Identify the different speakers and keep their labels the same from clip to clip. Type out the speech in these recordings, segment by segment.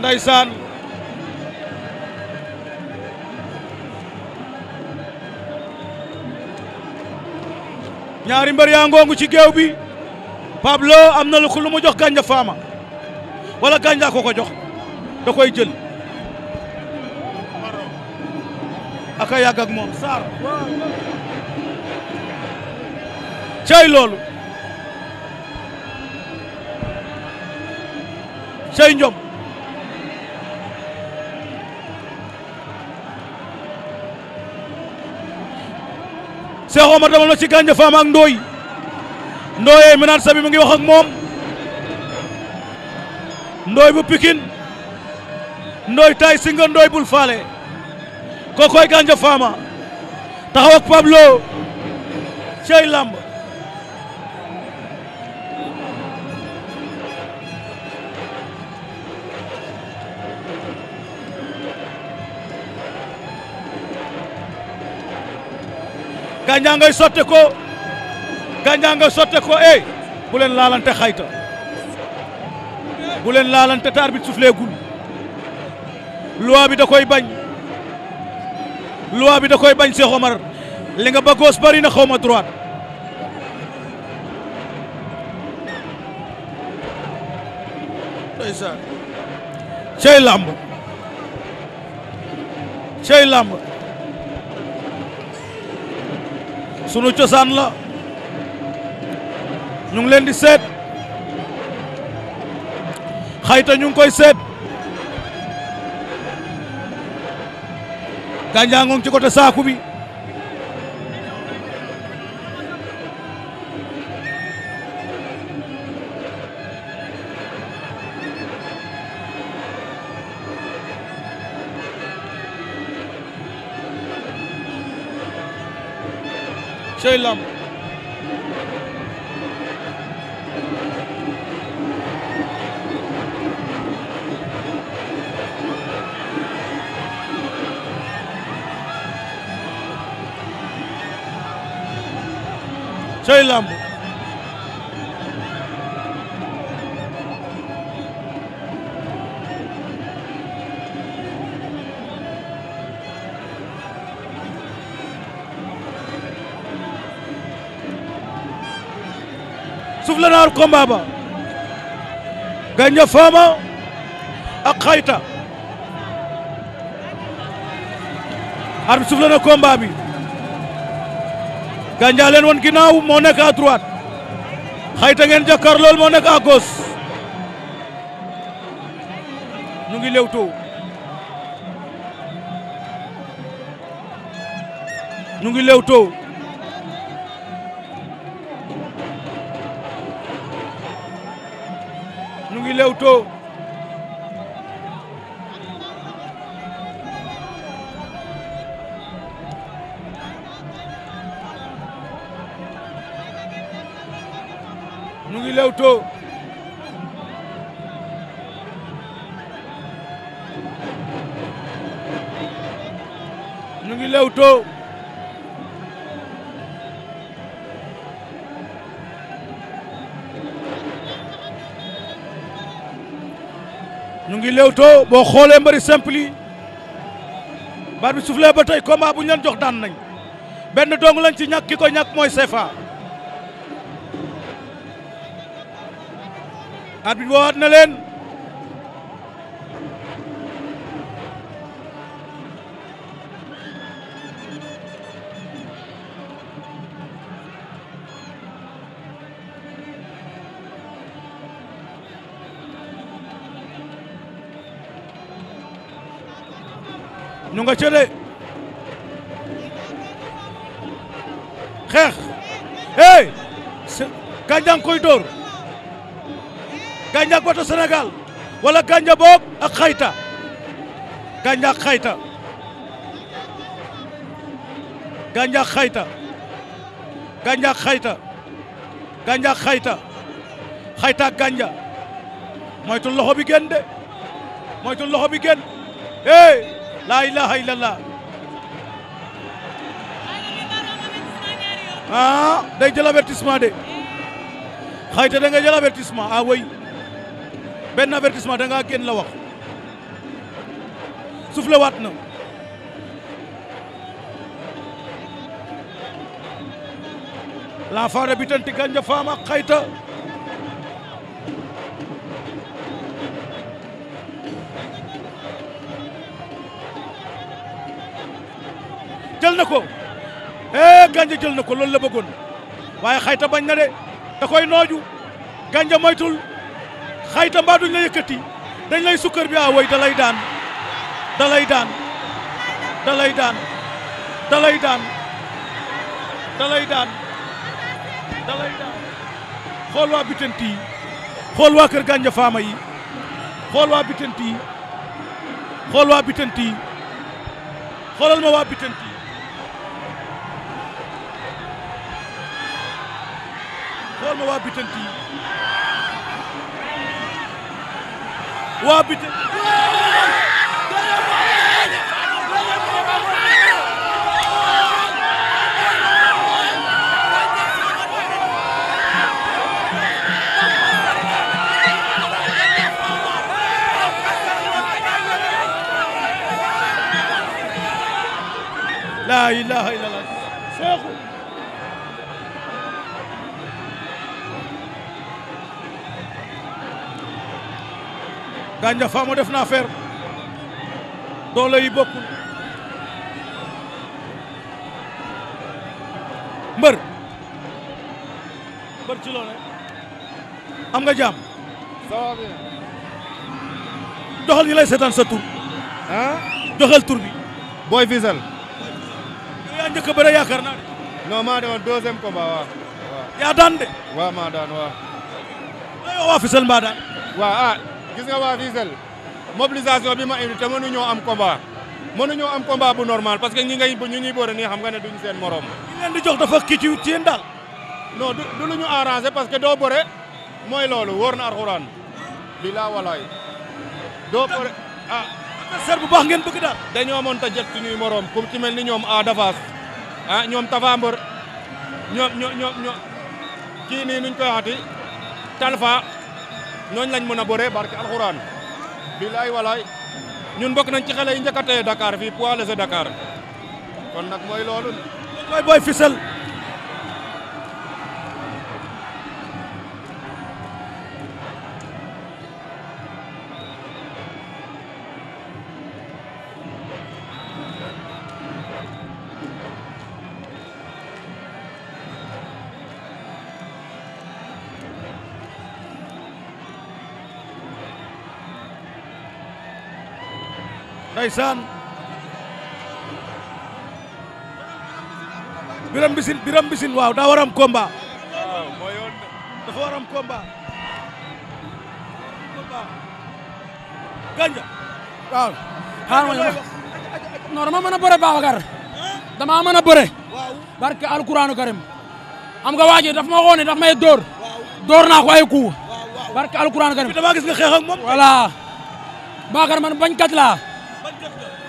Speaker 1: Ndeysaan ñaari mbër yaa ngoongu ci géew bi Pablo am na lu mu jox Gandia walla wala Gandia ko ko jox da koy jël aka yàgg ak moom Sarr loolu cey njom Omar demal ma ci Gandia Fama ak Ndoye Ndoye mi naan sabi mu ngi waxak ak moom Ndoye bu Pikine Ndoye tay si nga bul faale kookoy Gandia Fama taxaw ak Pablo cey lamb gàncax ngay sotte ko gàncax ngay sotte ko eh bu leen laalante xayta bu leen laalante te arbitre bi da koy bañ loi bi da koy bañ Cheikh Omar li nga ba gauche bari na xaw ma droite cey làmb cey làmb sunu cosaan la ñu ngi leen di seet xayta ñu ngi koy seet gàncax ci côté saaku bi. cey lamb cey lamb suuf la na war combat ba ak Xayta arbitre suuf la na combat bi Gandia leen woon ginnaaw moo nekk Xayta ngeen jàkkaar lool moo nekk à gauche ngi lewtoo ñu ngi lewtoo ñu ngi lewtoo ñu ngi lewtoo ñu ngi lewtoo boo xoolee mbëri simple yi baat bi soufflé ba tey combat bu ñu leen jox daan nañ benn dong lañ ci ñàkk ki ko ñàkk mooy CFA. arbitre woowaat na leen ñu nga cële xeex hey kañ dang koy dóor ganja ak senegal, Sénégal wala ganja bob, ak khayta ganja khayta, ganja khayta, ganja khayta, ganja khayta, khayta ganja moytul loxo bi gën de moytul loxo bi gen hey la ilaha illallah ah day jël avertissement de xayta da nga jël avertissement ah way benn avertissement da ngaa génn la wax soufflé na l'enfant de Bitanti Gandia Fama Xayta jël na ko eh Gandia jël na ko loolu la bëggoon waaye Xayta bañ na de da koy nooju Gandia moytul xayta mbaa duñ la yëkkati dañ lay sukkër bi ah, a way da lay daan da lay daan da lay daan xool waa Bitenti yi xool waa Kër Gànja Faama yi xool waa Bitenti yi xool waa Bitenti yi xoolal ma waa Bitenti yi xool ma waa Bitenti yi وبت... لا اله الا الله شيخ Gandia Fama def na affaire doole yi bokkul mbër mbër ci loone am nga jàmm ça va seetaan sa tur ah tur bi booy fisal yow yaa njëkk a bëre yaakaar naa de non maa demoon deuxième combat waaw yaa daan de waaw maa daan waaw ayoo waa fisal mbaa daan ah, gis nga waa Visel mobilisation bi ma indi te mënuñoo am combat mënuñoo am combat bu normal parce que ñi ngay ñu ñuy boole nii xam nga ne duñ seen morom. ñi leen di jox dafa kii ci ci yéen daal. non du du lu ñu arrangé parce que doo bëre mooy loolu wóor na alxuraan bilaa walaay doo bëre ah. adversaire baax ngeen bëgg daal. dañoo mën ta jot suñuy morom ku ci mel ni ñoom Ada Fass ah ñoom Tapha Mbeur ño ñoom ñoom kii nuñ koy waxati Talfa. ñooñu lañ mën a bëree barke alxuraan bilaay walaay ñun bokk nañ ci xale yi njëkk a dakaar Dakar fii poids léger Dakar kon nag mooy loolu. mooy booy Fissel. ndeysaan biram bisin biram bisin waaw daa waram combat waaw mooy waram combat ganja ma mën a bëre Babacar dama mën a bëre barke alquranu karim am nga waaje daf ma woone daf ma dóor dóor naa ko ay coup barke alquranu karim dama gis nga xeex ak moom voilà Babacar man bañkat laa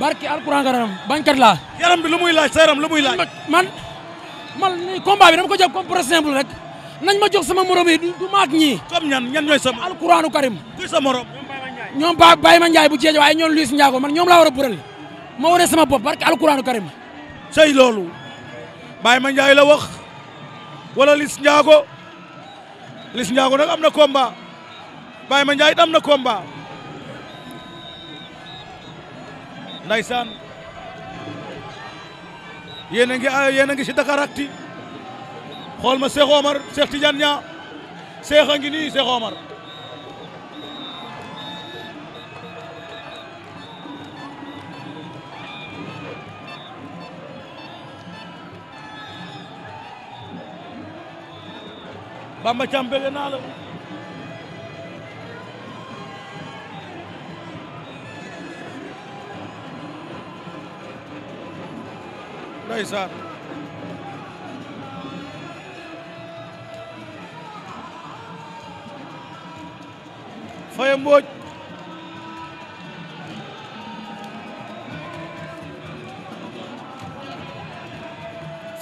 Speaker 1: barki alquran garam bañkat la yaram bi lu muy laaj seram lu muy laaj. man man combat bi dama ko jox comme par exemple rek nañ ma jox sama morom yi du mak ñi comme ñan ñan ñoy sama. alquranu karim. kuy sama morom. ñom Ba Baye Ma Ndiaye bu Ceeja waaye ñom Luis ñago man ñom la wara a ma sama bop barki alquranu karim. sey lolu Baye Ma Ndiaye la wax wala Luis ñago Luis ñago nak amna combat Baye Ma Ndiaye na combat. ndaysaan yéen a ngi ah, yéen a ngi si Dakaractu xool ma Cheikh Omar Cheikh Tidiane Niang Cheikh a ngi nii Cheikh Omar Bamba Thiam naa la ndeysaan Faye Mbodj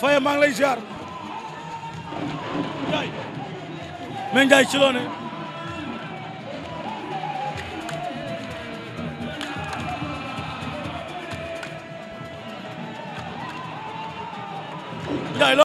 Speaker 1: Faye lay ziar Ndiaye mais Ndiaye